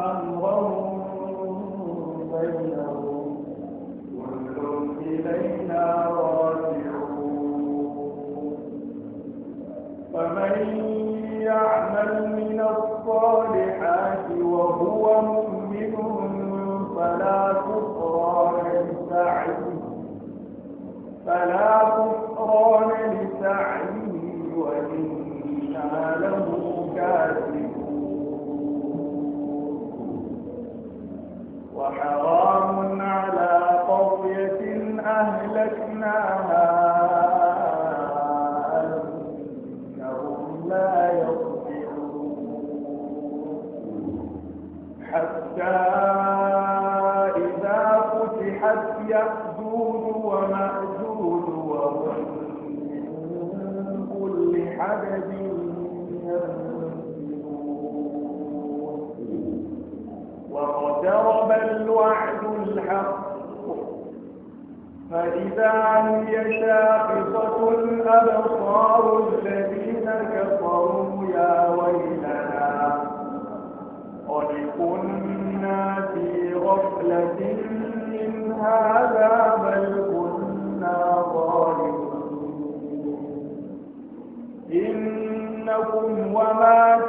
أمرهم بينهم إلينا راجعون فمن يعمل من الصالحات وهو مؤمن فلا كفران لسعيه فلا لسعيه وإنا له وحرام على قرية أهلكناها فإذا هي شاخصة أبصار الذين كفروا يا ويلنا قد كنا في غفلة من هذا بل كنا ظالمين إنكم وما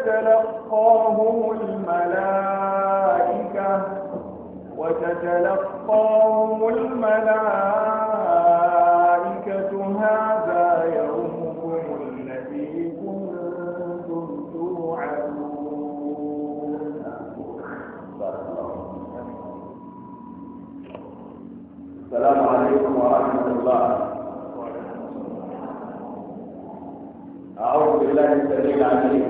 تتلقاهم الملائكة وتتلقاهم الملائكة هذا يومكم الذي كنتم توعدون السلام عليكم ورحمة الله أعوذ بالله السميع العليم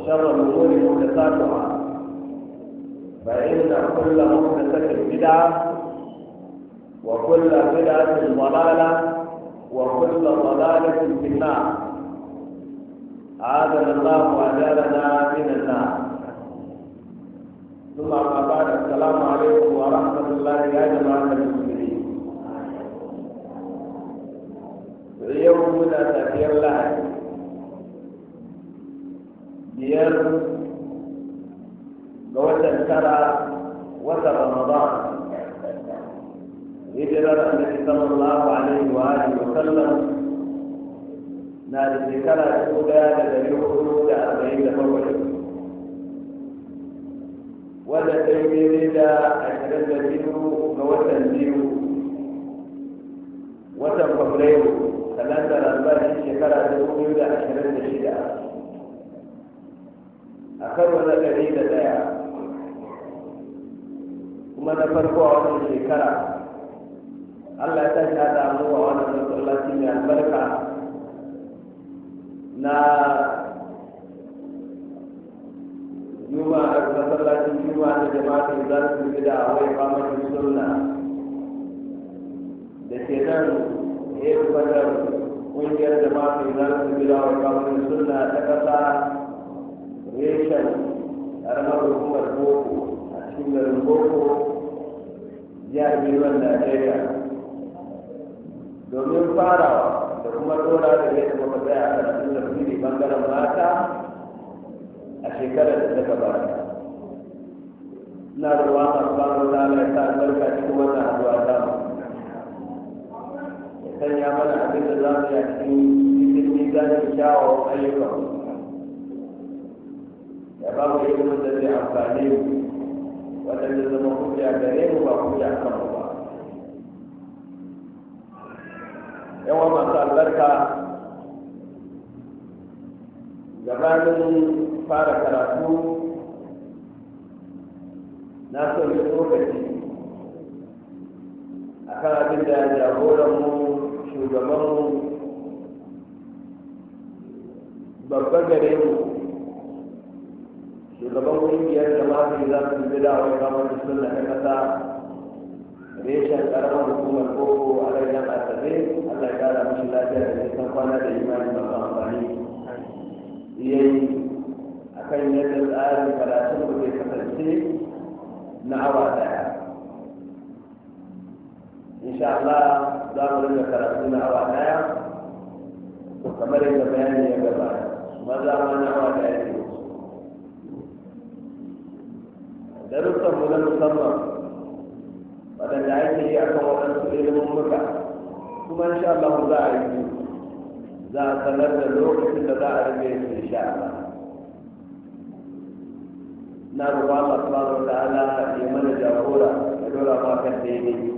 وشر الأمور محدثاتها فإن كل محدثة بدعة وكل بدعة ضلالة وكل ضلالة في النار عادنا الله وأجالنا من النار ثم أما بعد السلام عليكم ورحمة الله يا جماعة المسلمين اليوم هنا تأثير الله صيام جوزا الشرع وسط رمضان هجرة النبي صلى الله عليه وآله وسلم نادي ذكرى الأولى لدليل خروج أربعين فوجا ولدليل ندى أشرف الدين جوزا ديو وسط فبريل ثلاثة أربعين شكرى الأولى أشرف الشجاعة karo na ɗari da ɗaya kuma na farko a wannan shekara allah ya tashi da mu a wannan masallaci mai albarka na juma'a masallacin juma'a na jama'a da za su gida a wai famakin suna da ke nan ya yi kungiyar jama'a da za su gida a wai famakin suna ta ƙasa reshen karamar hukumar boko a cikin garin boko najeriya domin farawa da kuma dora da yadda tsaya a karatun bangaren mata a shekarar da ta gabata ina ruwa a subhanahu sa albarka cikin wannan ta sanya mana abin da za mu yi a cikin cikin kyawawan ayyukan babu ilimin da zai amfane mu waɗanda zama a gare mu ba hujja kan mu ba yawa masu albarka gabanin fara karatu na so yi lokaci a kan abin da jagoranmu shugabanmu babba gare mu shugaban kungiyar jama'a ne za su bi da wani kamar da sunna ta kasa reshen karamar hukumar koko a ranar asabe allah ya kara mashi lafiya da nisan kwana da imani masu amfani yayi akan yadda tsarin karatun da zai kasance na awa daya insha Allah za mu rinka karatu na awa daya kamar yadda bayani ya gaba maza ma na awa daya darussan mu na musamman waɗanda ake yi a kan waɗansu ilimin muka kuma sha Allah za a yi za a sanar da lokacin da za a rage su insha Allah na ruwa masu ba wata ala ya mana jagora da dora ma kan daidai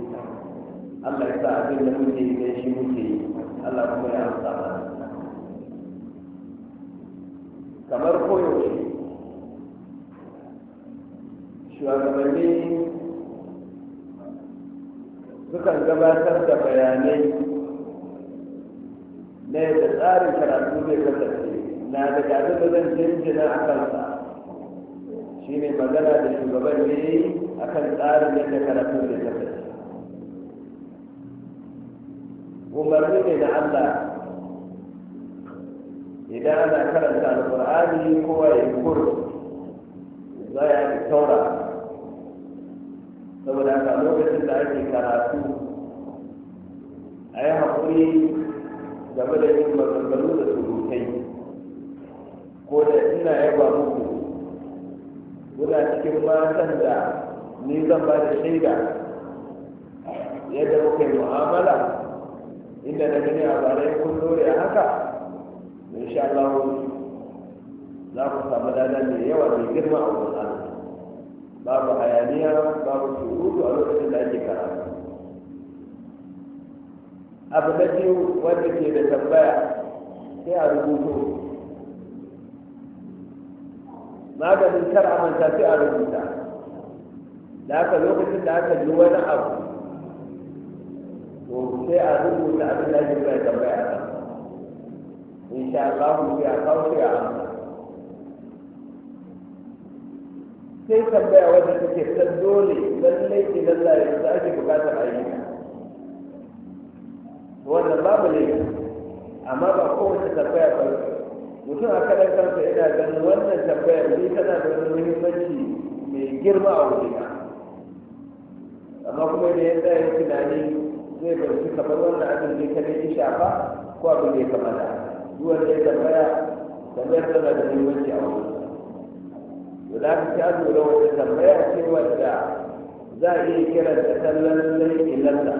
Allah ya sa abin da muke yi da shi muke yi Allah kuma ya amsa ba kamar koyaushe shugabanni sukan gabatar da bayanai na yadda tsarin karatu zai kasance na da abin da zan jinjina a kansa shi ne magana da shugaban ne a kan tsarin yadda karatu zai kasance umarni ne na allah idan ana karanta alkur'ani kowa ya kuru za yi saura lokacin da ake karatu a yi haƙuri game da yin maganganu da surutai ko da ina yaba muku guda cikin matan da ni zan ba da shaida yadda muka yi mu'amala inda na gani a ya kun dore haka insha Allah za ku samu dada mai yawa mai girma a wasu babu hayaniya babu surutu a lokacin da ake karatu abu na biyu wanda ke da tambaya sai a rubuto maganin kar a sai a rubuta da haka lokacin da aka ji wani abu to sai a rubuta abin da ake tambaya a kan in sha Allah sai a kawo shi a amsa sai tambaya wadda take ta dole lallai ke lallai da ake bukatar yi wannan babu ne amma ba kowace tambaya ba mutum a kaɗan kansa yana ganin wannan tambayar ni tana da wani muhimmanci mai girma a wurina amma kuma idan ya yi tunani zai fahimci kamar wannan abin da ka ne shafa ko abin da ya kamata duk wanda ya tambaya tambayar tana da muhimmanci za ka ta lura wata tambaya ce wadda za a iya kiran ta kallon laifi lalla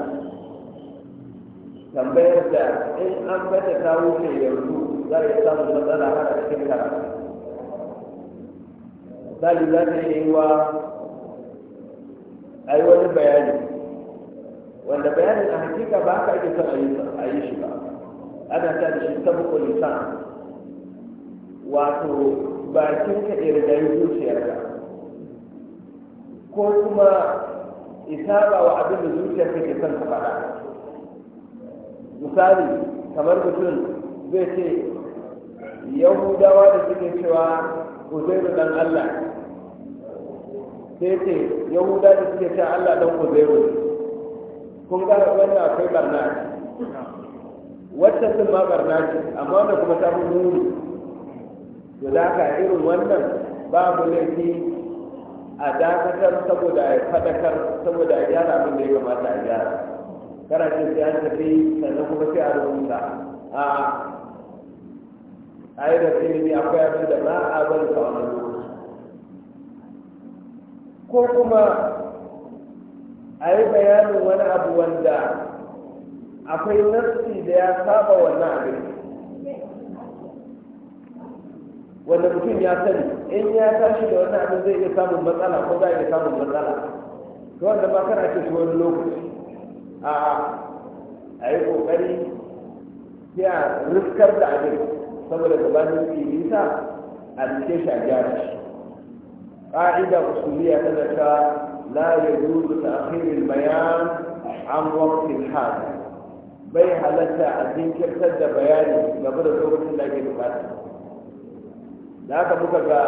tambayar da in an bata ta wuce yanzu za a iya samun matsala har a cikin karatu misali za ta iya yi wa a yi wani bayani wanda bayanin a hakika ba ka ake son a yi shi ba ana ta da shi sabu kulisan wato bakin ka da irgayi zuciyarka ko kuma isaba wa abin da ka ke son ka faɗa misali kamar mutum zai ce yahudawa da suke cewa zai dan allah sai ce yahuda da suke cewa allah dan uzairu kun ga wannan akwai barna wacce sun ma barna amma wanda kuma ta fi muni to da haka irin wannan babu laifi a dakatar saboda a fadakar saboda a gyara abin da ya kamata a gyara kana ce sai an tafi sannan kuma sai a rubuta a yi fili ne akwai abin da ba a bari ka wani lokaci ko kuma a yi bayanin wani abu wanda akwai nassi da ya saba wannan abin wanda mutum ya sani in ya tashi da wani abin zai iya samun matsala ko za a iya samun matsala to wanda ba kana ce shi wani lokaci a a yi kokari ya riskar da abin saboda gabanin nisa a cikin shi a gyara shi ƙa'ida usuliya ta zaka la ya yajuzu ta akhirin bayan an waqt al-hada bai halatta a jinkirtar da bayani game da lokacin da ake bukata da aka muka ga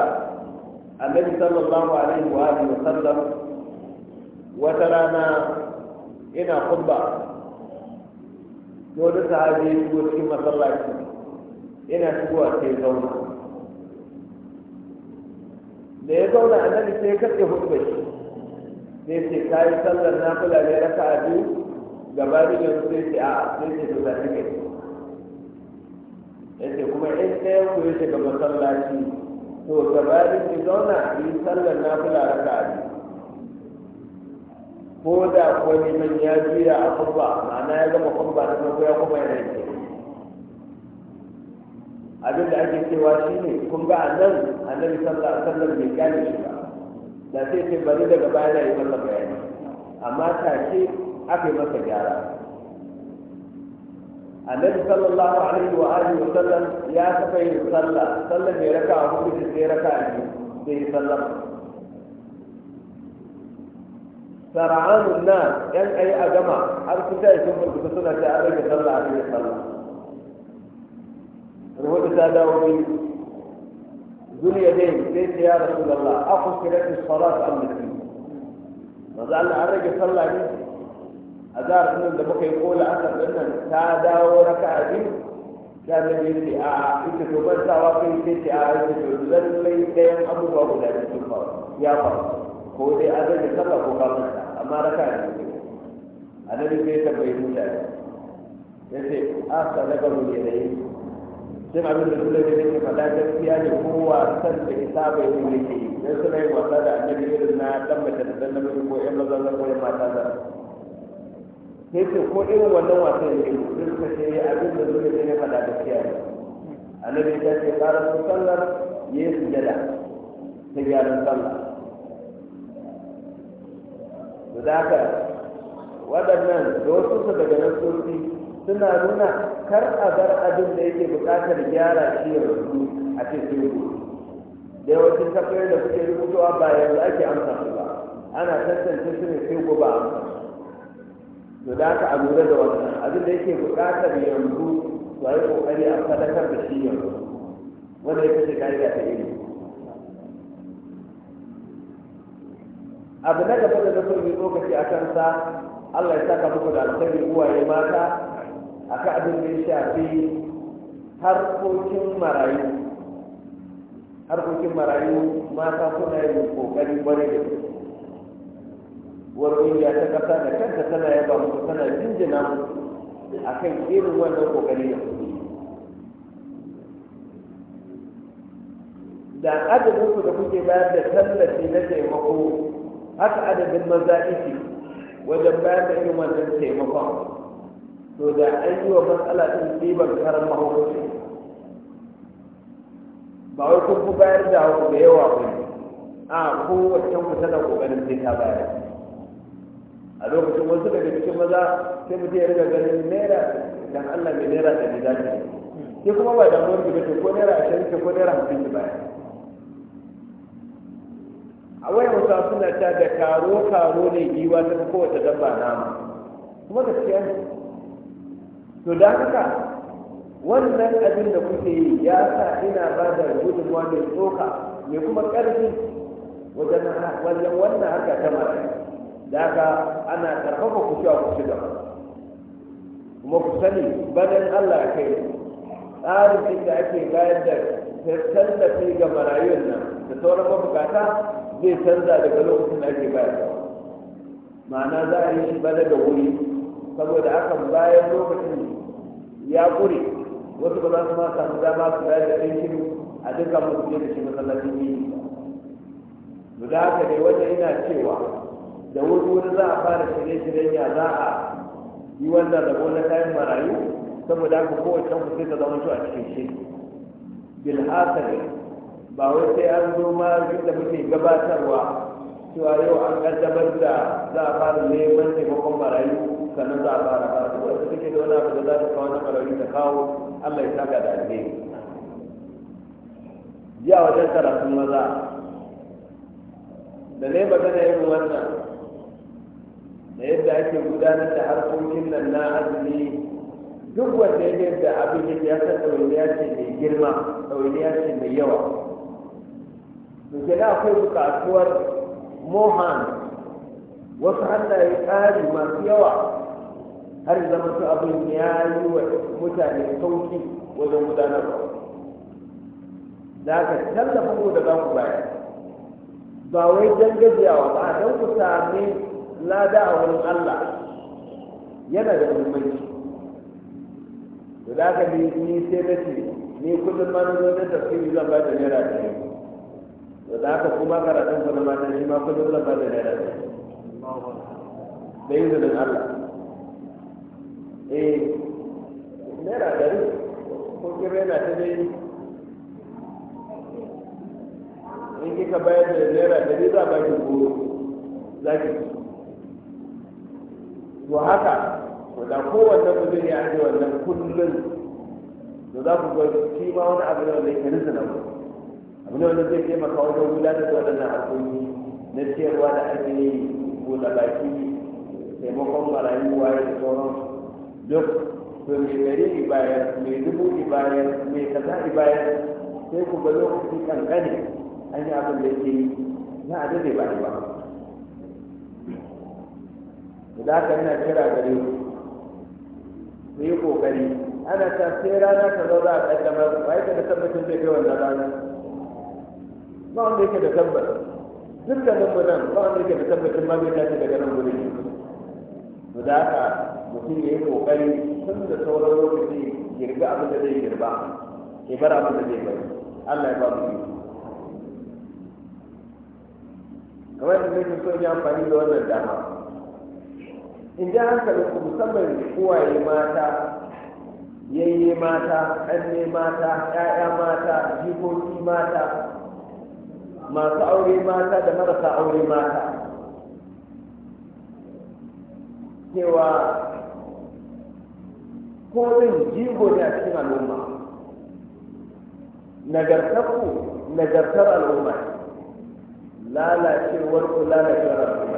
annabi sallallahu alaihi wa alihi wa sallam wata rana ina kubba dole sahabi ya shigo cikin masallaci ina shigowa sai zauna da ya zauna annabi sai ya karɓe hudu shi sai ce yi sallar na fulani da a biyu gabanin yanzu sai ce a sai ce to zafi kai yace kuma in ɗaya ku ya shiga masallaci to gabanin ki zauna yi sallar nafila raka ne ko da kuwa neman ya juya a kubba ma'ana ya gama kubba na farko ya kuma yana ke abin da ake cewa ne kun ga a nan annabi sallallahu alaihi wasallam bai gane shi ba da sai ce bari daga baya na yi masa bayani amma take aka yi masa gyara النبي صلى الله عليه وآله وسلم يا سفيه صلى صلى في ركعة وفي ستي ركعة عليه يعني وسلم سرعان الناس كان أي أجمع أرسل يشوف الكتسنة يا أبي صلى عليه وسلم روح سادة وفي ذو اليدين بيت يا رسول الله أخذ كلاك الصلاة أم نسيب ماذا قال الرجل صلى عليه وسلم a zahar sunan da muka yi kola an karɓar nan ta dawo raka a biyu da na yi ce a ita to ban sawa kai ce ce a ita to lallai ɗayan abubuwa guda da su faru ya faru ko dai a zai da sallah ko ka manta amma raka a biyu a nan sai ta bai ne ya ce a na mu ne da yi sai abin da ne gani ke da gaskiya ne ko san da isa bai yi ne ke yi don suna yin wasa da annabi irin na ɗan mace da ɗan namiji ko ƴan maza ko ƴan mata da sai ce ko irin wannan wasan ya yi duk suka ce ya eh, abin da zuwa ne ya faɗa gaskiya ne annabi ya ce ƙara sun sallar ya yi sujada ta gyaran sallah da za ka waɗannan da wasu su daga nan suna nuna kar a bar abin da yake buƙatar gyara shi yanzu a cikin rubutu da yawancin tafiyar da suke rubutuwa ba yanzu ake amsa su ba ana tantance su ne sai gobe amsa to da aka a lura da wannan abin da yake buƙatar yanzu to ai kokari a sadakar da shi yanzu wanda ya kace da ta ilimi abu na gaba da nufin yi lokaci a sa allah ya saka muku da alkhairi uwaye mata a ka abin da ya shafi harkokin marayu harkokin marayu mata suna yin kokari kwarai da uwar ya ta kasa da kanta tana yaba musu tana jinjina musu kan irin wannan kokari da da adadin su da kuke bayar da tallafi na taimako haka adadin maza iki wajen bayar da irin wannan taimakon to da an yi wa matsala ɗin ɗiban karan mahaukaci ba wai kun bayar da da yawa ba a kowace ku tana ƙoƙarin sai ta bayar a lokacin wasu daga cikin maza sai mutum ya riga ganin naira dan Allah mai naira da ne zaki sai kuma ba da wani bace ko naira ashirin ce ko naira hamsin ki baya a waya wasu suna ta da karo karo ne giwa ta kowace dabba nama kuma gaskiya ne to da haka wannan abin da kuke yi ya sa ina ba da gudunmawa mai tsoka mai kuma ƙarfi wajen wannan harka ta mara da haka ana karfafa ku a ku ci gaba kuma ku sani banin Allah ya kai tsarin da ake bayar da tallafi ga marayun nan da sauran mabukata zai canza daga lokacin da ake bayar ma'ana za a yi shi bada da wuri saboda akan bayan lokacin ya ƙure wasu ba za su ma samu dama su bayar da ɗan shiru a dukkan mutum da shi masallacin yi ba da haka ne wajen ina cewa da wuri wani za a fara shirye-shiryen ya za a yi wannan da wani kayan marayu saboda haka kowace ku sai ta zama a cikin shi bilhassari ba wai sai an zo ma da muke gabatarwa cewa yau an kaddamar da za a fara neman taimakon marayu sannan za a fara fara wanda suke da wani abu da za ta kawo na marayu ta kawo allah ya saka da alheri ya wajen karatun maza da ne ba zai yi wannan da yadda ake gudanar da harkokin nan na azumi duk wanda ya da abin da ya san ya ce mai girma ya ce mai yawa to ke da akwai buƙatuwar mohan wasu hannaye ƙari masu yawa har zama su abin ya yi wa mutane sauki wajen gudanarwa da aka tallafa mu da za ku bayar ba wai don gajiyawa ba don ku sami lada a Allah yana da muhimmanci to da haka ni ni sai na ce ni kullum ma na zo na tafsiri zan ba da naira da to da aka kuma karatun ku na mata shi ma kullum zan ba da naira ɗari da izinin Allah eh naira ni, ko kira yana ta dai in kika bayar da naira ni za a ki goro za ki to haka da kowanne mutum ya ce wannan kullum to za ku ga shi ma wani abu ne wanda yake rizina ku abu ne wanda zai taimaka wajen gudanar da waɗannan harkoki na ciyarwa da ake yi ko da baki taimakon marayu waye da sauran duk to mai gari ibayar mai dubu ibayar mai kaza ibayar sai ku ga lokaci kankane an yi abin da yake yi na adade ba ba za ka yana kira gare ku yi kokari ana ta sai rana ta zo za a kaddamar ba yake da tabbacin zai kai wannan rana ba wanda yake da tabbas duk da nan nan ba wanda yake da tabbacin ma zai tashi daga nan gurin to da haka mutum ya yi kokari tun da sauran lokaci girga abin da zai girba ya bar abin da zai bari Allah ya ba mu yi kamar da nake so ya amfani da wannan dama in ji hankali ku musamman kowaye mata yayye mata ƙanne mata ƴaƴa mata jikoki mata masu aure mata da marasa aure mata cewa zan jigo ne a cikin al'umma nagartarku nagartar al'umma lalacewar ku lalacewar al'umma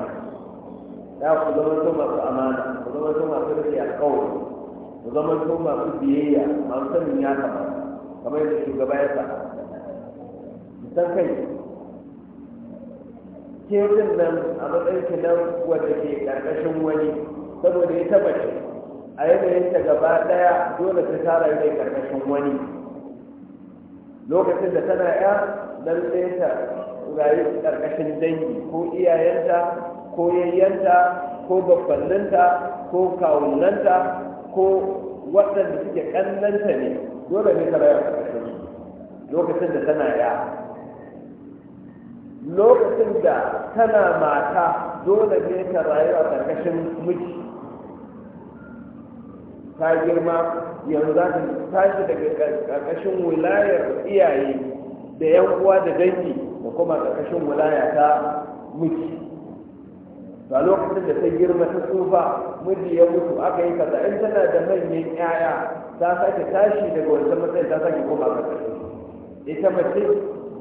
da ku zama to masu amana ku zama to masu rike kawo ku zama to masu biyayya masu sanin ya kama kamar yadda shugaba ya sa san kai ke nan a matsayin ki nan wanda ke ƙarƙashin wani saboda ya tabbata a yanayin ta gaba ɗaya dole ta tara ne ƙarƙashin wani lokacin da tana ya dan ɗaya ta rayu ƙarƙashin dangi ko iyayenta ko yayyanta ko babbanninta ko kawunanta ko waɗanda suke ƙannanta ne dole ne ka bayar da lokacin da tana ya lokacin da tana mata dole ne ta rayu a ƙarƙashin miji ta girma yanzu za ta tashi daga ƙarƙashin wilayar iyaye da yan uwa da dangi da kuma ƙarƙashin wilaya ta miji ba lokacin da ta girma ta tsufa miji ya mutu aka yi kaza in tana da manyan yaya ta sake tashi daga wata matsayi ta sake koma ka ita mace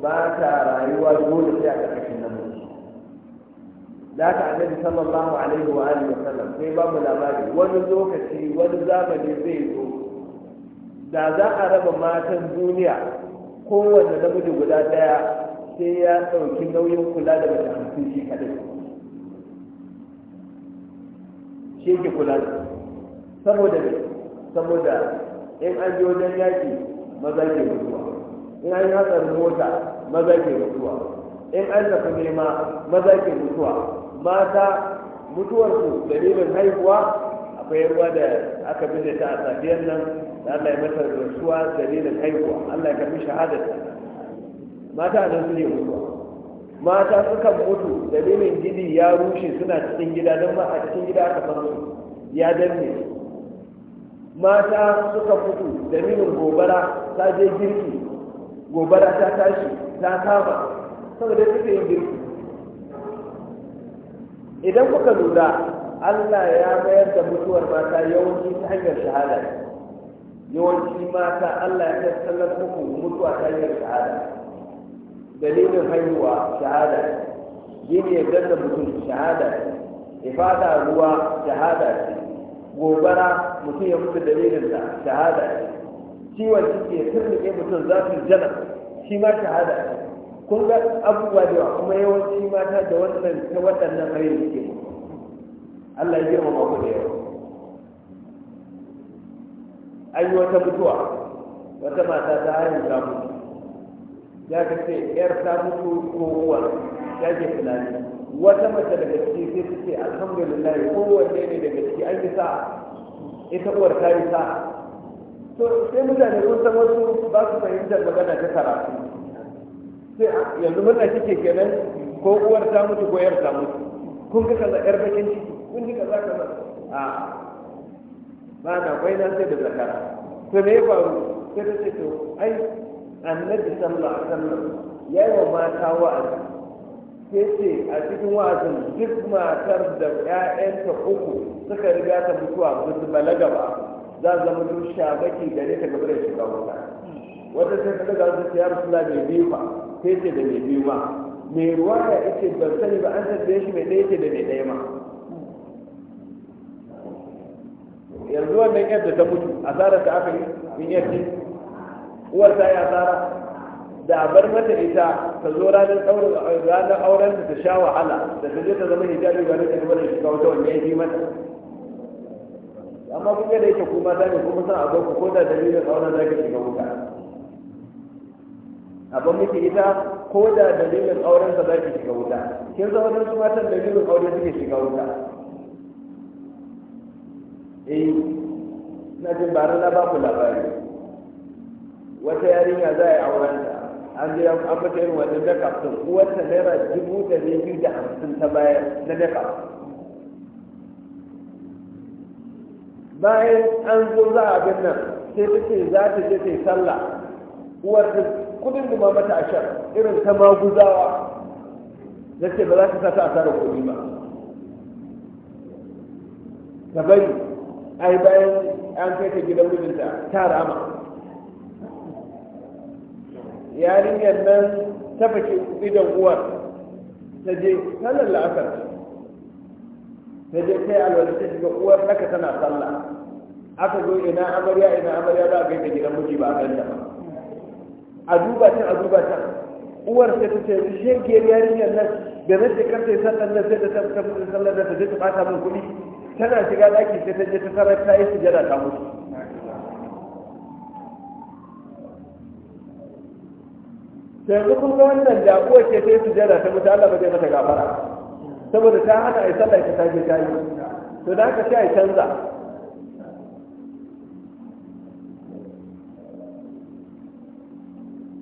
ba ta rayuwa dole sai a ƙarƙashin namiji da ka annabi sallallahu alaihi wa alihi wasallam sai ba mu labari wani lokaci wani zamani zai zo da za a raba matan duniya kowanne namiji guda ɗaya sai ya ɗauki nauyin kula da mace hamsin shi kaɗai shi ke kula da saboda ne saboda in an yi wajen yaƙi maza ke mutuwa in an yi hatsarin mota maza ke mutuwa in an tafi nema maza ke mutuwa mata mutuwarsu dalilin haihuwa akwai ruwa da aka bi ta a safiyar nan da Allah ya mata rasuwa dalilin haihuwa Allah ya karbi shahadar mata nan su ne mutuwa mata sukan mutu dalilin gidi ya rushe suna cikin gida don ma a cikin gida aka san su ya danne mata suka mutu dalilin gobara ta je girki gobara ta tashi ta kama saboda suka yi girki idan kuka lura Allah ya mayar da mutuwar mata yawanci ta hanyar shahada yawanci mata Allah ya tattalin muku mutuwa ta hanyar shahada dalilin haihuwa shahada gini ya da mutum shahada ce ifada ruwa shahada ce gobara mutum ya mutu dalilinsa shahada ce ciwon ciki ya turnuke mutum za su jana shi ma shahada ce kun ga abubuwa da yawa kuma yawanci mata da wannan ta waɗannan harin suke Allah ya girma mako da yawa an yi wata mutuwa wata mata ta haihu ta mutu Ya ka ce yar ta mutu ko uwa ya ke tunani wata mace daga ciki sai ta ce alhamdulillah wanne ne daga ciki an yi sa ita uwar ta yi sa to sai mutane sun san wasu ba su fahimtar magana ta karatu sai ah, yanzu murna kike kenan ko uwar ta mutu ko yar ta mutu kun ga kaza yar bakin ciki kun ji kaza kaza a ah, ba na kwai na sai da zakara to me ya faru sai ta ce to ai annabi sallallahu alaihi wasallam ya yi wa mata wa'azi sai ce a cikin wa'azin duk matar da ƴaƴanta uku suka riga ta mutuwa ba su balaga ba za su zama duk shabaki gare ta gaba da shiga wuta wata sai ta daga su ya rasu mai biyu ba sai ce da mai biyu ma mai ruwa ya ce ban sani ba an tambaye shi mai ɗaya ce da mai ɗaya ma yanzu wannan yadda ta mutu asarar da aka yi in yadda uwar ta ya asara da bar mata ita ta zo ranar auren ta sha wahala da ta je ta zama hijabi ba duka ne wani shiga wata wani ya fi mata amma kun da yake kuma ta ne kuma san abokan ko da dalilin auren za ka shiga wuta abin miki ita ko da dalilin auren ta za ki shiga wuta kin zama don su matan dalilin aure suke shiga wuta eh na jin bara na ba ku labari wata yarinya za a yi auren ta an je an bata irin wani makeup din uwarta naira dubu da biyu da hamsin ta bayar na makeup bayan an zo za a bin nan sai ta ce za ta je ta yi sallah uwar ta kudin da mata a shan irin ta maguzawa na ce ba za ta sata a kuɗi ba ta bari ai bayan an kai ta gidan mijinta ta rama yarinyar nan ta fake idan uwar ta je sallar la'asar ta je kai alwala ta shiga uwar naka tana sallah aka zo ina amarya ina amarya za a kai ta gidan miji ba a ganta ba a duba can a duba can uwar sai ta ce shegiyar yarinyar nan da na shekar ta yi sallar nan sai ta tafi sallar da ta je ta bata min kuɗi tana shiga ɗaki sai ta je ta tarar ta yi sujada ta mutu yanzu kun ga wannan da kuwa ce ta yi sujada ta mutu Allah ba zai mata gafara saboda ta hana a yi sallah ta tashi ta yi to da haka sai a canza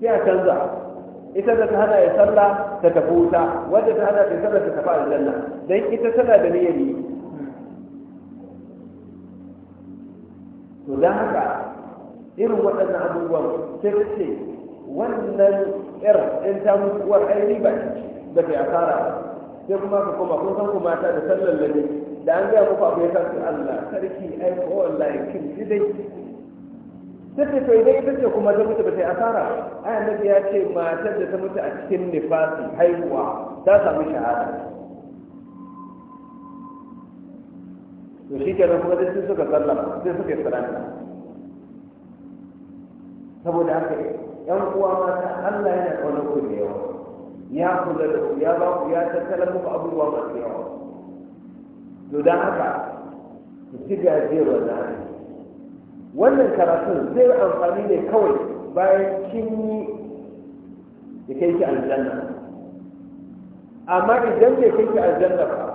sai a canza ita da ta hana ya sallah ta tafi wuta wadda ta hana ta sallah ta tafi aljanna dan ita tana da niyyar yi to da haka irin waɗannan abubuwan sai ta ce wannan yar in ta mutu uwar ai riba da bai asara sai kuma ka koma kun san ku mata da sallar lalle da an gaya muku abu ya san Allah sarki ai ko ya kin dai sai to idan ita ce kuma ta mutu ba ta asara ai annabi ya ce mata da ta mutu a cikin nifasi haihuwa ta samu shahada to shi kenan kuma sai suka sallama sai suka yi saranta saboda haka yan uwa mata Allah yana kauna ku da yawa ya kula da ku ya ba ku ya tattala muku abubuwa masu yawa to dan haka ku ci gajiyar wannan wannan karatun zai amfani ne kawai bayan kin yi ya kai ki aljanna amma idan bai kai ki aljanna ba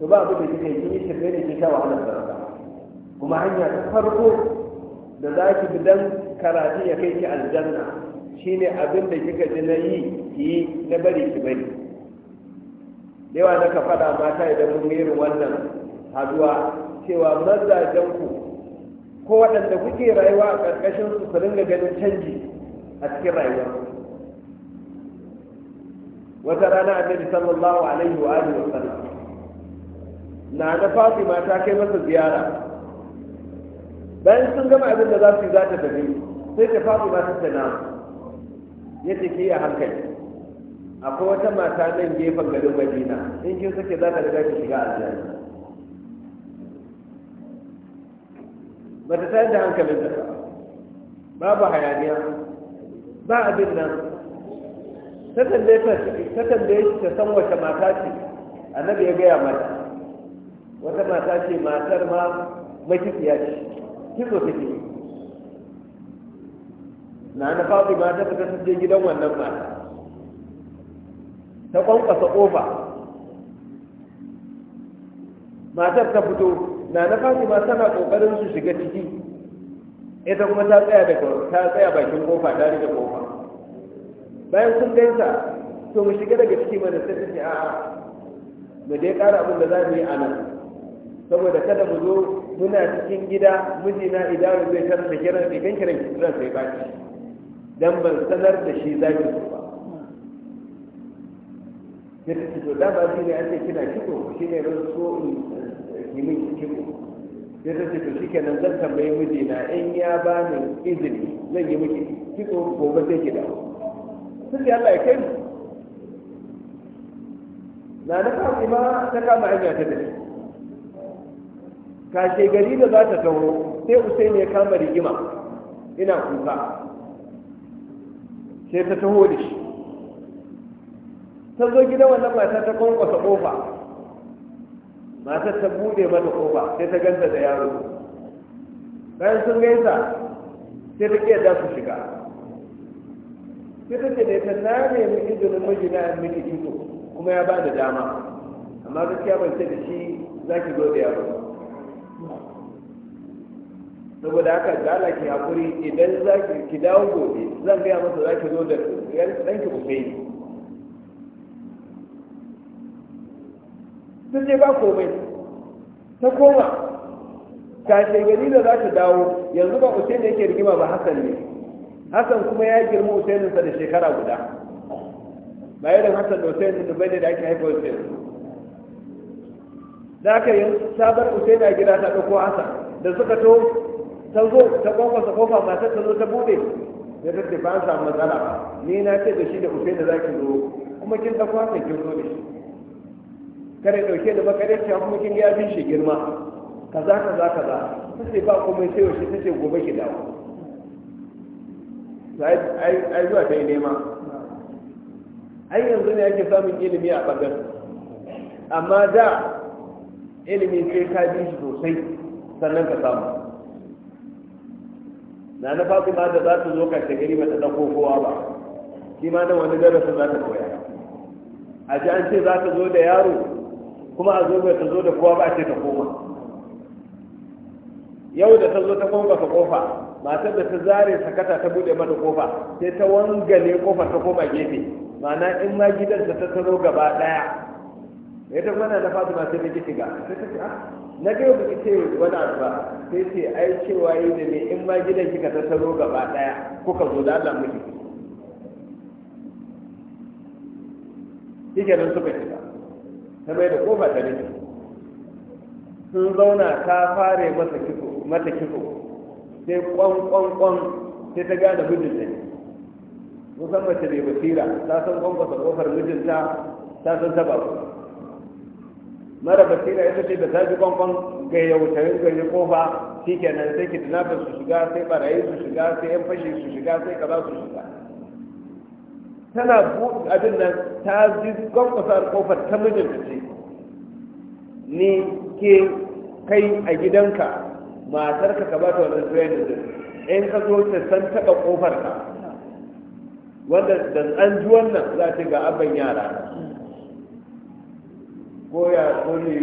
to ba abin da kike yi shirme ne ke sha wahalar sarrafa kuma hanya ta farko da za ki bi dan karatu ya kai ki aljanna shine abin da kika ji na yi yi na bari ki bari da yawa naka faɗa mata idan mun irin wannan haduwa cewa mazajen ku ko waɗanda kuke rayuwa a ƙarƙashin su su ringa ganin canji a cikin rayuwa wata rana annabi sallallahu alaihi wa alihi wa sallam na na fatima mata kai masa ziyara bayan sun gama abin da za su yi za ta tafi sai ta faɗi ba ta sana ya ce ke a hankali akwai wata mata nan gefen garin madina in kin sake za ta riga ki shiga aljanna ba ta tayar da hankalin ta babu hayaniya ba abin nan ta tambaye shi ta san wata mata ce annabi ya gaya mata wata mata ce matar ma shi ce kitso take na na ba ta fita ta je gidan wannan ba ta kwankwasa kofa matar ta fito na na fatima tana kokarin su shiga ciki ita kuma ta tsaya da ta tsaya bakin kofa ta rike kofa bayan sun gaisa to mu shiga daga ciki mana sai ta ce a'a mu dai kara abin da za mu yi a nan saboda kada mu zo muna cikin gida mijina idan zai tarsa kiran idan kiran kiran sai baki dan ban sanar da shi zaki ba sai ta ce da ba shi ne ake kina kiko shi ne ran so in eh, yi min kiko sai ta shi to nan zan tambayi mijina in ya ba ni izini zan yi miki kiko gobe sai ki dawo sun ce Allah ya kai na na na ma ta kama hanya ta tafi kashe gari da za ta tauro sai usain ya kama rigima ina kuka sai ta taho da shi ta zo gida wannan mata ta kwankwasa kofa Mata ta bude mata kofa sai ta ganta da yaro bayan sun gaisa sai ta kiyar da su shiga sai ta ce ta na nemi izinin mijina a miki ido kuma ya ba da dama amma gaskiya ban ce da shi za ki zo da yaro saboda haka da ke hakuri idan za ki dawo gobe zan gaya masa za ki zo da ɗanki ku sai sun je ba komai ta koma kashe gani da za ta dawo yanzu ba usain da yake rigima ba hasan ne hasan kuma ya girma usaininsa da shekara guda ba irin hasan da usain da bai da ake haifa usain da aka yi sabar usain a gida ta ɗauko hasan da suka to ta zo ta kwakwasa kofa ba ta zo ta bude da ta ba an samu matsala ba ni na ce da shi da ufe da zaki zo kuma kin ɗauko haka kin zo da shi kare ɗauke da makarci kuma kin ya yafin shi girma kaza kaza kaza ta ce ba komai sai shi ta ce gobe ki dawo ai zuwa ta yi nema ai yanzu ne ake samun ilimi a ɓangar amma da ilimi sai ka bi shi sosai sannan ka samu na na ma da za ta zo kashe gari ba ta ɗan kowa ba shi ma nan wani darasin za ta koya a ji an ce za ta zo da yaro kuma a zo bai ta zo da kowa ba ce ta koma yau da ta zo ta koma ta kofa matar da ta zare sakata ta bude mata kofa sai ta wangale kofa ta koma gefe ma'ana in ma gidan ta ta gaba daya ita kuma na na fatima sai ta ki shiga sai ta ce ah, na biyu ba ce wani abu ba sai ce ai cewa yi da ne in ma gidan kika tattaro gaba daya kuka zo da Allah miki kike nan suka shiga ta mai da kofa ta rike sun zauna ta fare masa kiko mata kiko sai kwan kwan kwan sai ta gane mijinta ta musamman ta bai basira ta san kwankwasa kofar mijinta ta san ta ba mara basira ita ce da ta ji kwankwan ga yautarin gari ba shi kenan sai ki tunafa su shiga sai barayi su shiga sai yan fashe su shiga sai kaza su shiga tana buɗe abin nan ta ji kwankwasa kofar ta mijinta ce ni ke kai a gidanka matarka ka ba ta wannan da zai in ka zo ta san taɓa kofar ka wanda da an ji wannan za ta ga abin yara goya ya kone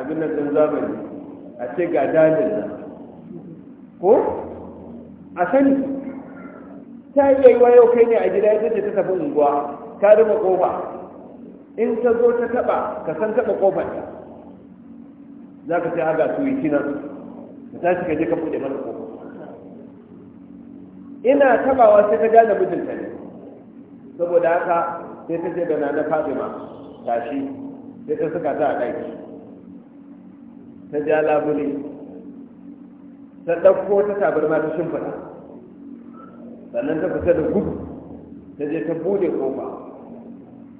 abin da zamani a ce ga dalil nan ko a sani ta yi wa yau kai ne a gida ya ta tafi unguwa ta rima kofa in ta zo ta taba ka san taba kofar ta za ka ce haga su yi kina ka tashi ka je ka buɗe mana kofa ina tabawa sai ta gane mijinta ne saboda haka sai ta ce da na na fatima tashi sai ta suka ta a ɗaki ta ja labule ta ɗauko ta tabarma ta shimfiɗa sannan ta fita da gudu ta je ta bude kofa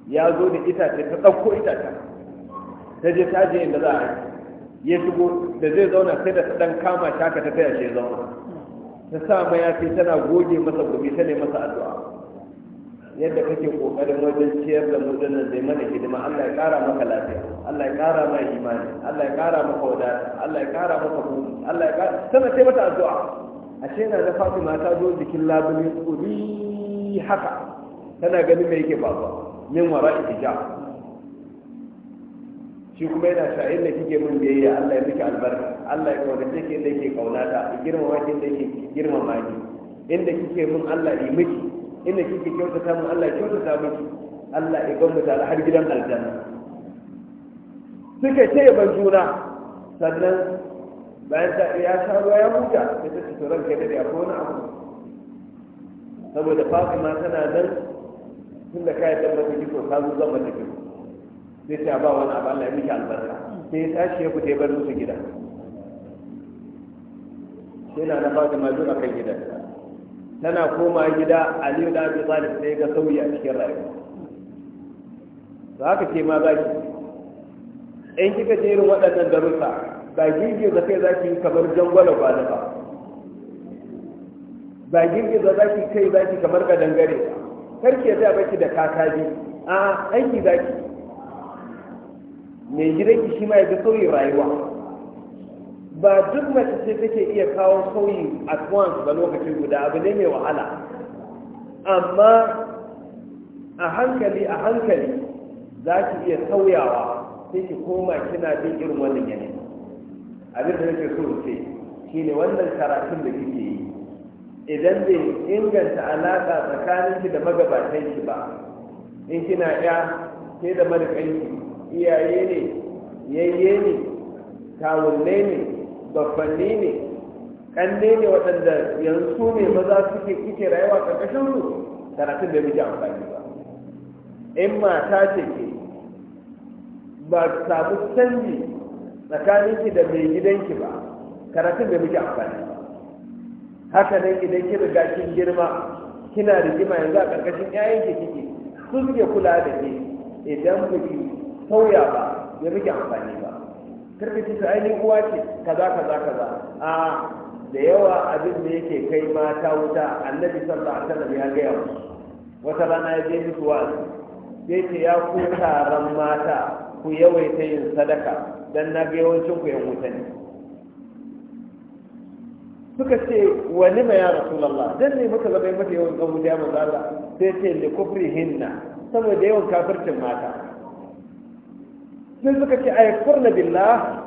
ya zo da itace ta ɗauko itace ta je ta je inda za a yi ya shigo da zai zauna sai da ta ɗan kama shaka ta taya shi zauna ta sa mayafi tana goge masa gumi ta ne masa addu'a yadda kake kokarin wajen ciyar da mutum dinnan zai mana hidima Allah ya kara maka lafiya Allah ya kara maka imani Allah ya kara maka wadata Allah ya kara maka buɗi Allah ya kara sana sai mata addu'a ce na da Fatima ta zo jikin labule kuri haka tana ganin me yake faruwa min wara ikija shi kuma yana sha'ir da kike min biyayya Allah ya miki albarka Allah ya kaunace ki inda yake kaunata ki girmama da yake girmama ki inda kike min Allah ya miki inda kike kyautata mun Allah ya kyautata miki Allah ya gwamnata har gidan aljanna suka ce ban juna sannan bayan ta ya sha ruwa ya huta sai ta ce to ranka dade ko wani abu saboda Fatima tana nan tun da kai tabbata kiko ka zo zama da kiko sai ta ba wani abu Allah ya miki albarka sai ya tashi ya fita ya bar musu gida sai na na Fatima zuwa kan gidan tana koma gida aliyu da abi talib sai ga sauyi a cikin rayuwa to haka ce ma za ki in kika ce irin waɗannan darussa ba girgi da kai za ki yi kamar jangwala gwala ba ba girgi da za ki kai za ki kamar ga dangare karki ya za ki da kakaji a aiki za ki mai gidanki shi ma ya ga sauyi rayuwa ba duk mace ce take iya kawo sauyi a once ba lokacin guda abu ne mai wahala amma a hankali a hankali za ki iya sauyawa sai ki koma kina bin irin wannan yanayi abin da nake so ce shine wannan karatun da kike yi idan bai inganta alaƙa tsakanin ki da magabatan ki ba in kina ya ke da marikanki iyaye ne yayye ne kawunne ne babbanni ne kanne ne waɗanda yanzu ne maza suke kuke rayuwa ƙarƙashin su karatun da muke amfani ba in mata ce ke ba samu canji tsakaninki da mai gidanki ba karatun da muke amfani ba haka nan idan ki riga kin girma kina rigima yanzu a ƙarƙashin 'ya'yanki kike su suke kula da ke idan ku sauya ba ya muke amfani ba karfi ce ta ainihin uwa ce kaza kaza kaza a da yawa abin da yake kai mata wuta annabi sallallahu alaihi wasallam ya gaya yawa wata rana ya je musu ce ya ku taron mata ku yawaita yin sadaka dan na ga yawancin ku yan wuta ne suka ce wani ma ya rasulullah dan ne muka zama mata yawan gabu da manzo Allah sai ce li hinna saboda yawan kafircin mata sai suka ce a yakfurna billah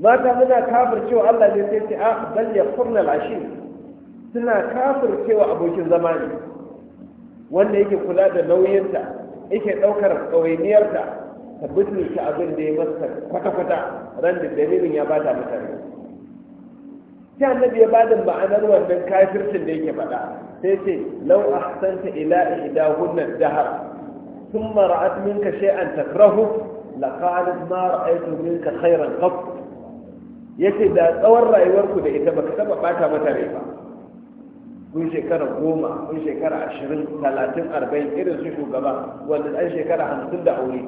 mata muna cewa Allah ne sai ce a ah, bal yakfurna al-ashir suna cewa abokin zama ne wanda yake kula da nauyinta yake daukar kawainiyarta ta bitinta abin da ya masa kwata-kwata ran da dalilin ya bata mata rai sai annabi ya bada ma'anar wannan kafircin da yake faɗa sai ce lau ahsanta ila ihdahunna dahar thumma ra'at minka shay'an takrahu laqalat ma ra'aytu minka khairan qat yace da tsawon rayuwarku da ita baka taba bata mata rai ba kun shekara goma kun shekara ashirin talatin arba'in irin su shugaba wanda ɗan shekara hamsin da aure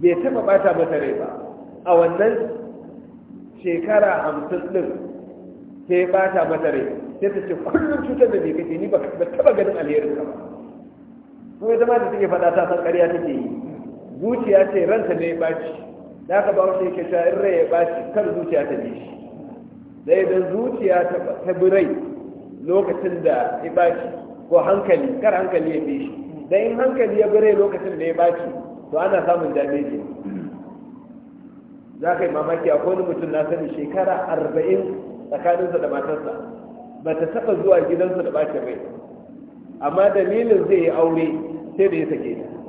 bai taba bata mata rai ba a wannan shekara hamsin ɗin sai bata mata rai sai ta ce kullum cutar da bai kake ni ba taba ganin alherin ba kuma ita ma da take faɗa ta san ƙarya take yi zuciya ce ranta ne ya ɓaci da aka ba shi yake cewa in rai ya ɓaci kan zuciya ta ne shi da idan zuciya ta birai lokacin da ya ɓaci ko hankali kar hankali ya bi shi da in hankali ya birai lokacin da ya baci to ana samun ne za ka yi mamaki a wani mutum na sani shekara arba'in tsakaninsa da matarsa ba ta taɓa zuwa gidansa da ɓacin rai amma dalilin zai yi aure sai da ya sake ta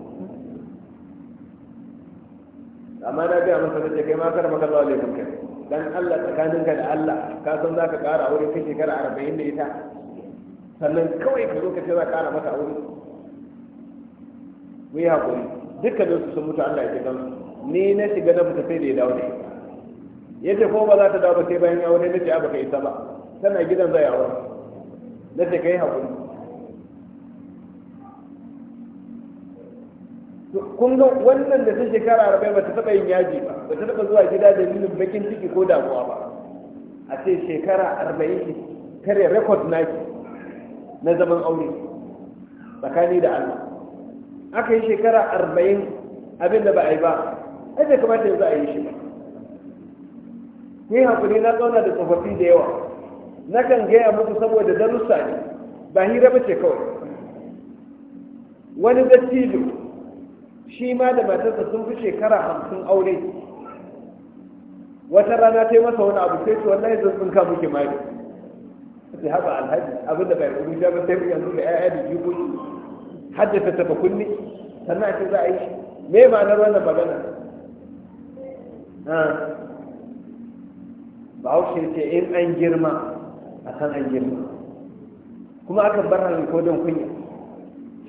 amma na biya masa da kai ma kar maka zuwa laifin kai dan Allah ka da Allah ka san za ka kara aure kai shekara arba'in da ita sannan kawai ka zo ka ce za ka masa mata aure mu yi haƙuri dukkanin su sun mutu Allah ya ji ni na shiga na fita sai da ya dawo da ita ya ce ko ba za ta dawo ba sai bayan ya aure na ce abu ka isa ba tana gidan zai aure na ce ka yi haƙuri kun ga wannan da ta shekara arba'in ba ta taɓa yin yaji ba ba ta taɓa zuwa gida da nuna bakin ciki ko damuwa ba a ce shekara arba'in ki kare rekod ki na zaman aure tsakani da allah aka yi shekara arba'in abin da ba a yi ba ai bai kamata yanzu a yi shi ba ni hakuri na zauna da tsofaffi da yawa na kan gaya muku saboda darussa ne ba hira ba ce kawai wani dattijo shi ma da matarsa sun fi shekara hamsin aure wata rana ta yi masa wani abu sai ce wallahi zan kama muke mai sai haka alhaji abin da bai rubu ja ba sai mu yanzu da ƴaƴa da jiboki haddasa ta kunni sannan ake za a yi me ma'anar wannan magana ah. bahaushe ce in an girma a san an girma kuma akan bar hankali ko don kunya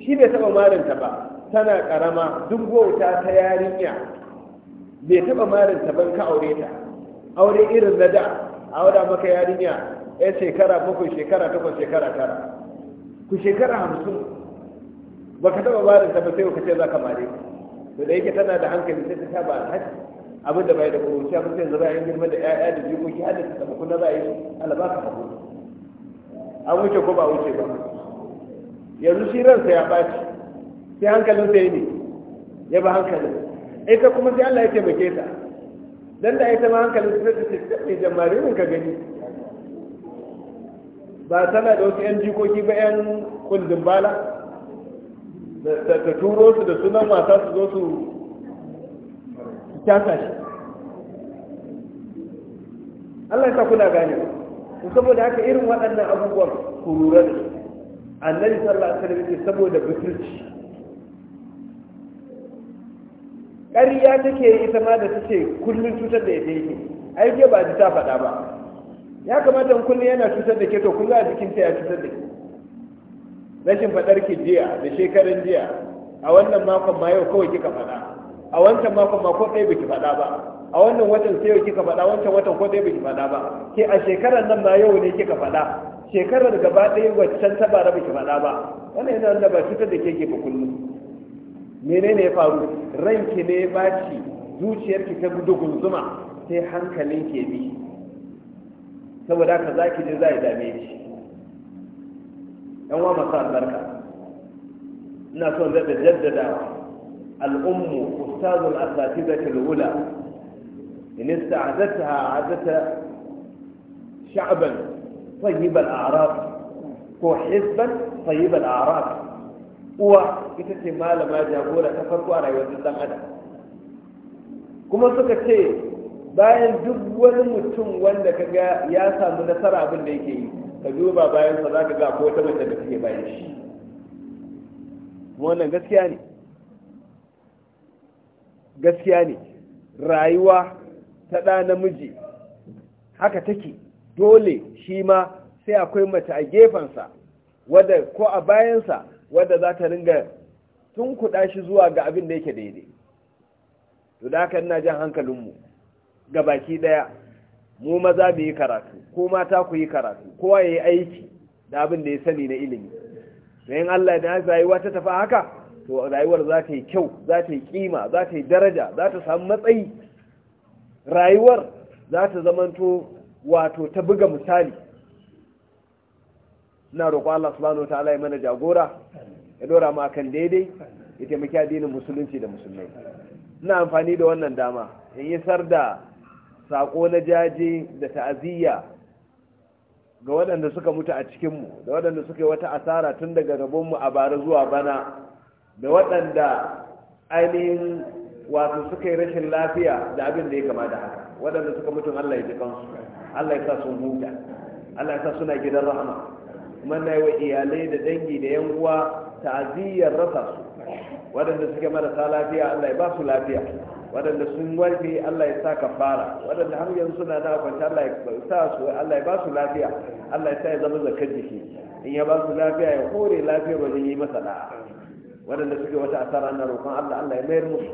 shi bai taɓa marinta ba tana karama duk wauta ta yarinya bai taba marin ta ban ka aure ta aure irin na da a wada maka yarinya ya shekara muku shekara takwas shekara tara ku shekara hamsin ba ka taba marin ta ba sai ka ce za ka mare to da yake tana da hankali sai ta taba alhaji abin da bai da kuruciya ba sai yanzu za a yi girma da 'ya'ya da jikoki har ta taɓa kuna za a yi albaka hakuri an wuce ko ba wuce ba yanzu shi ransa ya ɓaci sai hankalin sai ne ya ba hankalin ita kuma sai Allah ya taimake ta dan da ita ma hankalin sai ta ce sai marinin ka gani ba sana da wasu yan jikoki ba yan kundin bala ta turo su da sunan wasa su zo su kyasa shi Allah ya kuna gane saboda haka irin waɗannan abubuwan ku lura da su annabi sallallahu alaihi wasallam saboda butulci ƙarya take ita ma da take kullum cutar da ita yake ai ke ba ji ta faɗa ba ya kamata in kullum yana cutar da ke to kullum a jikin ta ya cutar da ke rashin faɗar ki jiya da shekaran jiya a wannan makon ma yau kawai kika faɗa a wancan makon ma ko ɗaya biki faɗa ba a wannan watan sai yau kika faɗa wancan watan ko ɗaya biki faɗa ba ke a shekarar nan ma yau ne kika faɗa shekarar gaba ɗaya waccan ta ba da baki faɗa ba wannan yana da ba cutar da ke ke ba kullum menene ya faru ranki ne ya baci zuciyarki ta gudu gunzuma sai hankalin ke bi saboda ka za ki je za ya dame shi yan wa masu albarka ina so zaɓe jaddada al'ummu ustazul asatizatul wula in ista'azataha azata sha'ban طيب arab ko hizban طيب arab uwa ita ce malama jagora ta farko a rayuwar dan adam kuma suka ce bayan duk wani mutum wanda ka kaga ya samu nasara abin da yake yi ka duba bayan sa ka ga akwai wata mace da take bayan shi wannan gaskiya ne gaskiya ne rayuwa ta ɗa namiji haka take dole shi ma sai akwai mace a gefensa wadda ko a bayansa Wanda za ka ringa tun kuɗa shi zuwa ga abin da yake daidai to da haka ina jan hankalinmu ga baki ɗaya mu maza mu yi karatu ko mata ku yi karatu kowa ya yi aiki da abin da ya sani na ilimi don Allah da rayuwa ta tafi haka to rayuwar za ta yi kyau za ta yi kima za ta yi daraja za ta samu matsayi rayuwar za ta zamanto wato ta buga misali ina roƙo Allah subhanahu wa ta'ala ya mana jagora ya dora mu akan daidai ya taimaki addinin musulunci da musulmai ina amfani da wannan dama in yi sarda sako na jaje da ta'aziyya ga waɗanda suka mutu a cikinmu da waɗanda suka yi wata asara tun daga gaban mu a bara zuwa bana da waɗanda ainihin wato suka yi rashin lafiya da abin da ya kama da haka waɗanda suka mutu Allah ya ji kansu Allah ya sa su huta Allah ya sa suna gidan rahama mana wa iyalai da dangi da yan uwa ta'aziyar rasa su waɗanda suke marasa lafiya Allah ya ba su lafiya waɗanda sun warke Allah ya sa kafara waɗanda har yanzu suna na kwanta Allah ya sa su Allah ya ba su lafiya Allah ya sa ya zama zakar jiki in ya ba su lafiya ya hore lafiyar wajen yi masa da'a waɗanda suke wata asara na roƙon Allah Allah ya mayar musu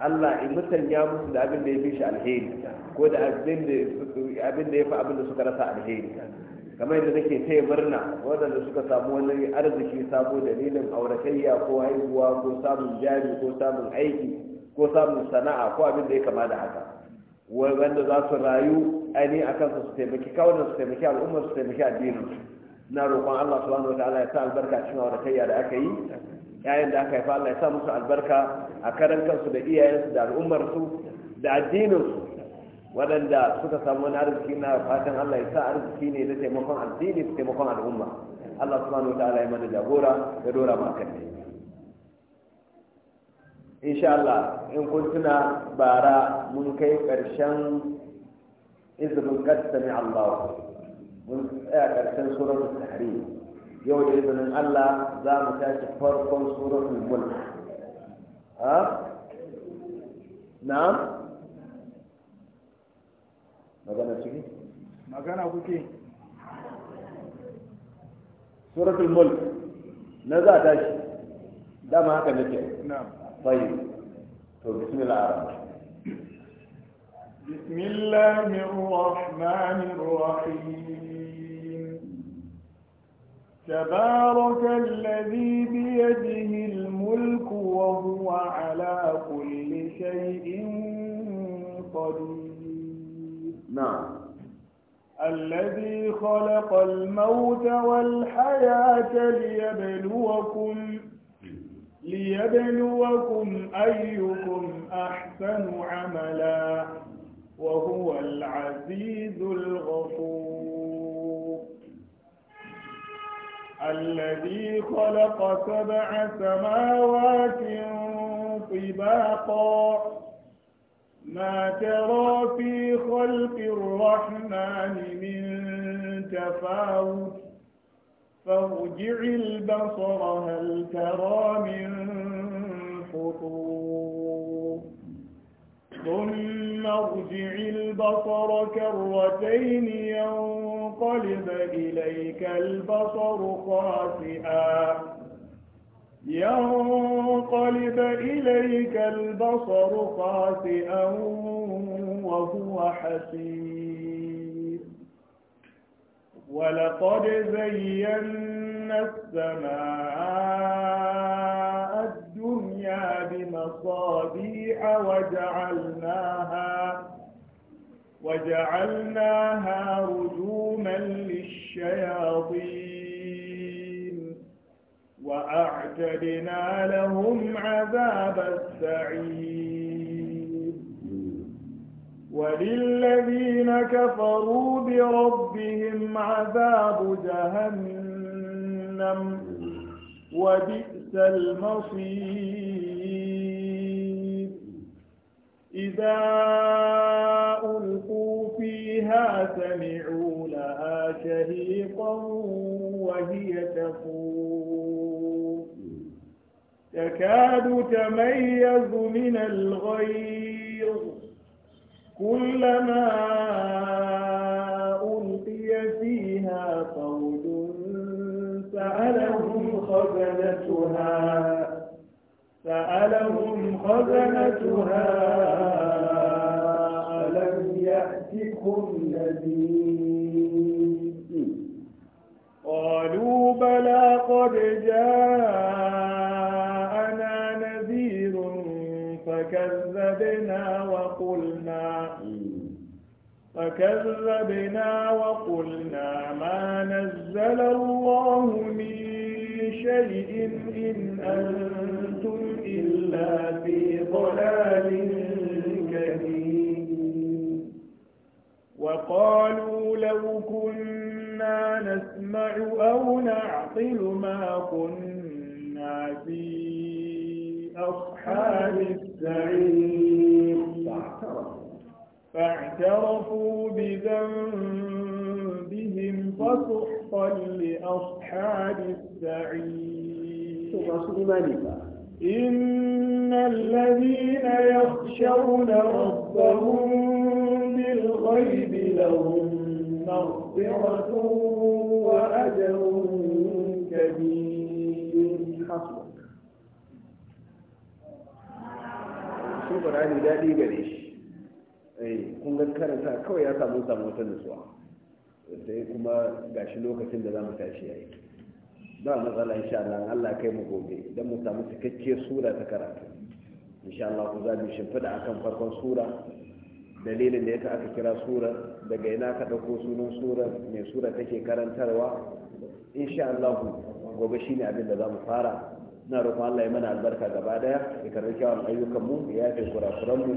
Allah ya musanya musu da abin da ya fi shi alheri ko da abin da ya fi abin da suka rasa alheri kamar yadda nake taya murna waɗanda suka samu wani arziki sabo dalilin auratayya ko haihuwa ko samun jari ko samun aiki ko samun sana'a ko abin da ya kama da haka wanda za su rayu aini a kansu su taimaki kawunan su taimaki al'ummar su taimaki addinin su na roƙon Allah subhanahu wataala ya sa albarka cikin auratayya da aka yi yayin da aka haifa Allah ya sa musu albarka a karan kansu da iyayensu da al'ummar su da addinin su waɗanda suka samu wani arziki na fatan Allah ya sa arziki ne na taimakon addini da taimakon al'umma Allah subhanahu wataala ya mana jagora ya dora mu akan ne insha Allah in kun tuna bara mun kai ƙarshen izinin kasami Allah mun tsaya ƙarshen suratul tahrim yau da izinin Allah za mu tashi farkon suratul mulk ha na'am magana ciki magana kuke suratul mulk na za ta shi dama haka nake tayi to bismillah بسم الله الرحمن الرحيم تبارك الذي بيده الملك وهو الذي خلق الموت والحياة ليبلوكم ليبلوكم أيكم أحسن عملا وهو العزيز الغفور الذي خلق سبع سماوات طباقا ما ترى في خلق الرحمن من تفاوت فارجع البصر هل ترى من فطور ثم ارجع البصر كرتين ينقلب إليك البصر خاسئا ينقلب إليك البصر خاسئا وهو حسير ولقد زينا السماء الدنيا بمصابيح وجعلناها وجعلناها رجوما للشياطين وأعتدنا لهم عذاب السعير وللذين كفروا بربهم عذاب جهنم وبئس المصير إذا ألقوا فيها سمعوا لها شهيقا وهي تفور تكاد تميز من الغيظ كلما ألقي فيها فوج سألهم خزنتها سألهم خزنتها ألم يأتكم نذير قالوا بلى قد جاءنا نذير فكذبنا وقلنا فكذبنا وقلنا ما نزل الله من شيء إن أنتم إلا في ضلال وقالوا لو كنا نسمع أو نعقل ما كنا في أصحاب السعير فاعترفوا بذنب بهم فسحقا لأصحاب السعير إن الذين يخشون ربهم بالغيب لهم مغفرة وأجر كبير حسبك شكرا لله لي قريش kun ga karanta kawai ya samu samu sai kuma gashi lokacin da za mu tashi yayi ba matsala insha Allah Allah kai mu gobe idan mu samu cikakke sura ta karatu insha Allah ku zabi shimfida akan farkon sura dalilin da yasa aka kira sura daga ina ka dauko sunan sura mai sura take karantarwa insha Allah gobe shine abin da za mu fara na roƙon Allah ya mana albarka gaba daya ya karɓi kyawun ayyukan mu ya yafe kurakuran mu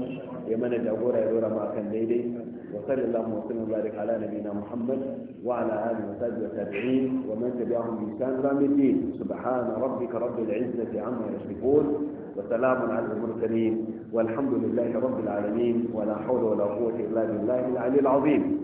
ya mana jagora ya dora mu akan daidai wa sallallahu alaihi wa sallam wa barik ala nabiyina muhammad wa ala alihi wa sahbihi wa tabi'in wa man tabi'ahum bi ihsan ila yawm الدين سبحان ربك رب العزة عما يصفون وسلام على المرسلين والحمد لله رب العالمين ولا حول ولا قوة إلا al العلي العظيم